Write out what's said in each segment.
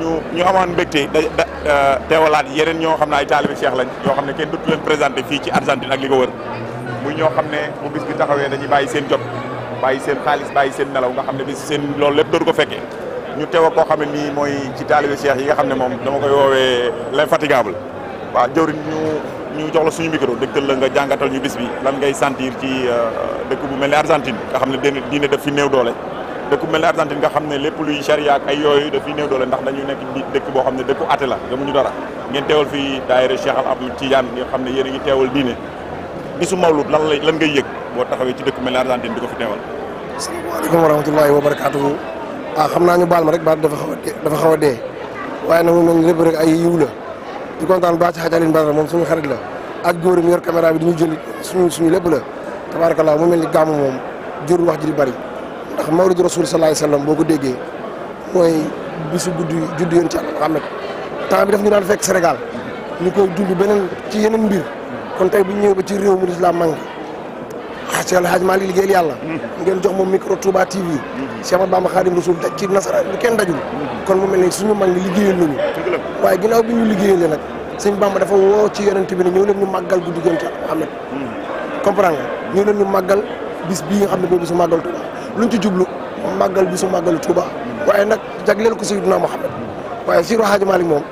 ñu ñu amoon mbégte da euh, teewalaat yeneen ñoo xam ne ay taalibe Cheikh lañ yoo xam ne kenn dootu leen présenté fii ci Argentine ak li ko wër muy ñoo xam ne bu bis bi taxawee dañuy bàyyi seen jot bàyyi seen xaalis bàyyi seen nelaw nga xam ne bis seen loolu lépp dootu ko fekkee ñu teew koo xam ne nii mooy ci taalibe Cheikh yi nga xam ne moom dama koy woowee l'infatigable waaw jëwriñ ñu ñu jox la suñu micro dëkkal la nga jàngatal ñu bis bi lan ngay sentir ci euh, dëkk bu mel ne Argentine nga xam ne diine def fi néew doole dëkk mel ne Argentine nga xam ne lépp luy charia ak ay yooyu dafiy néew doole ndax dañu nekk dëkk boo xam ne dëkku àtte la gëmuñu dara ngeen teewal fii daayira Cheikh Al Abdou Tidiane nga xam ne yéen ngi teewal diine bisu mawlud lan lay lan ngay yëg boo taxawee ci dëkk mel ne Argentine di ko fi teewal asalaamaaleykum wa rahmatullahi wa barakatuhu ah, xam naa ñu baal ma rek baat dafa xaw a dafa xaw a dee moom lépp rek ay yiw la di kontaan baa ci xaj Alioune Badara moom suñu xarit la ak góor mi yor caméra bi di ñu jël suñu lépp la tabarakallah mu mel ni gàmm moom jur wax ji di bari ndax mawlidu rasul sallallahu alayhi wasallam boo ko déggee mooy bisu guddi juddu yoon ci Muhammad temps bi daf ñu daan fekk Sénégal nu ko dund beneen ci yeneen mbir kon tey bu ñu ñëwee ba ci réew mu lislaam mangi ci El Hadj Malick liggéeyal yàlla ngeen jox moom micro Touba TV Cheikh Ahmadou Bamba Khadim Rasoul ci nasara lu kenn dajul kon mu mel ne suñu mag ni liggéeyal nañu waaye ginnaaw bi ñu liggéeyalee nag sëñ Bamba dafa woo ci yonent bi ne ñëw leen ñu màggal guddi gën ci Muhammad mm. comprendre nga ñëw leen ñu màggal bis bii nga xam ne boobu su màggal lu ci jublu màggal bi su màggalu Touba waaye nag jagleel ko Seydina Muhammad waaye Seydi Hadji Malick moom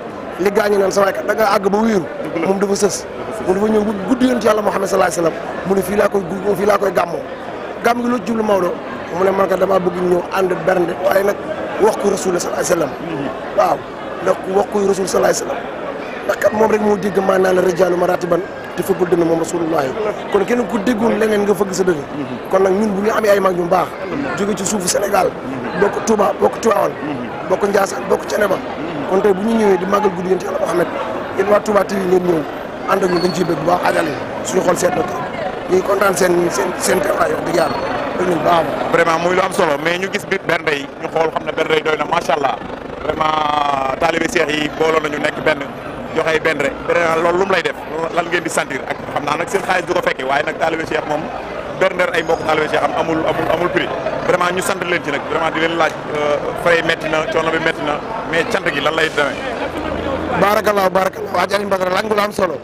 li gaañu naan sama kat da nga àgg ba wéeru moom dafa sës moom dafa ñëw guddi yoon ci yàlla Muhammad sallallahu alayhi wasallam mu ne fii laa koy gu fii laa koy gàmmoo gàmm gi lu jublu Maodo mu ne man kat damaa bëgg ñëw ànd bernde waaye nag wax ko rasul sallallahu alayhi wasallam waaw ndax wax ko rasul sallallahu alayhi wasallam ndax kat moom rek moo dégg maanaam la rijaalu maratiban te football dënn moom rasulullah kon kenn ku déggoon leneen nga fëgg sa dënn kon nag ñun bu ñu amee ay mag ñu baax jóge ci suufu Sénégal bokk tubaa bokk Tivaouane bokk Ndiassane bokk Thiénaba kon tey bu ñu ñëwee di màggal guddi yéen ci Yàlla Muhammad yéen waa Touba TV ngeen dañ ciy bëgg bu baax aajale suñu xool seet na ñu ngi kontaan seen seen seen teewaay wax dëgg yàlla dëgg nañ baax vraiment muy lu am solo mais ñu gis biir bernde yi ñu xool xam ne bernde yi doy na macha allah vraiment taalibe seex yi booloo nañu nekk benn joxe benn rek loolu lu mu lay def lan ngeen di sentir ak xam naa nag seen xaalis du ko fekkee waaye nag taalibe Cheikh moom berndeel ay mbokk taalibe Cheikh am amul amul prix vraiment ñu sant leen ci di leen laaj euh, fray métti na na mais cant gi lan lay demee. baarakallaahu baarakallaahu waa Alioune Badara laaj nga lu am solo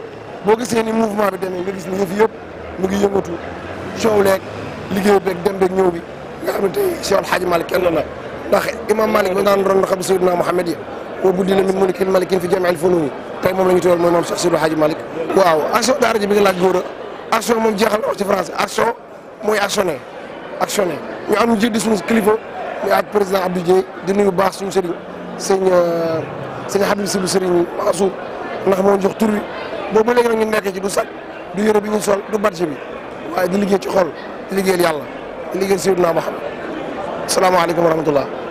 boo gisee ni mouvement bi demee nga gis ni yëf yëpp mu ngi yëngatu coow leeg liggéey beeg dem beeg ñëw bi nga xam ne tey Cheikh El Hadj Malick kenn la ndax imam Malick ba naan ron xam Seydina Mouhamed yi boo guddi la min mulikin malikin fi jamiil funuun tey moom la ñu teewal mooy maam Cheikh Sidou Hadji Malick waaw action daara ji bi nga laaj góor a action moom jeexal na wax ci français action mooy actionné actionné ñu am ñu jëddi suñu kilifa ñu ak président Abdou Dieng di nuyu baax suñu sëriñ sëñ euh, sëñ Habib Sibou sëriñ Mansour ndax moo jox tur boobu ba léegi nag ñu nekk ci du sac du yore bi ñu sol du badge bi waaye di liggéey ci xol di liggéeyal yàlla di liggéeyal Seydina Muhammad salaamaaleykum wa rahmatullah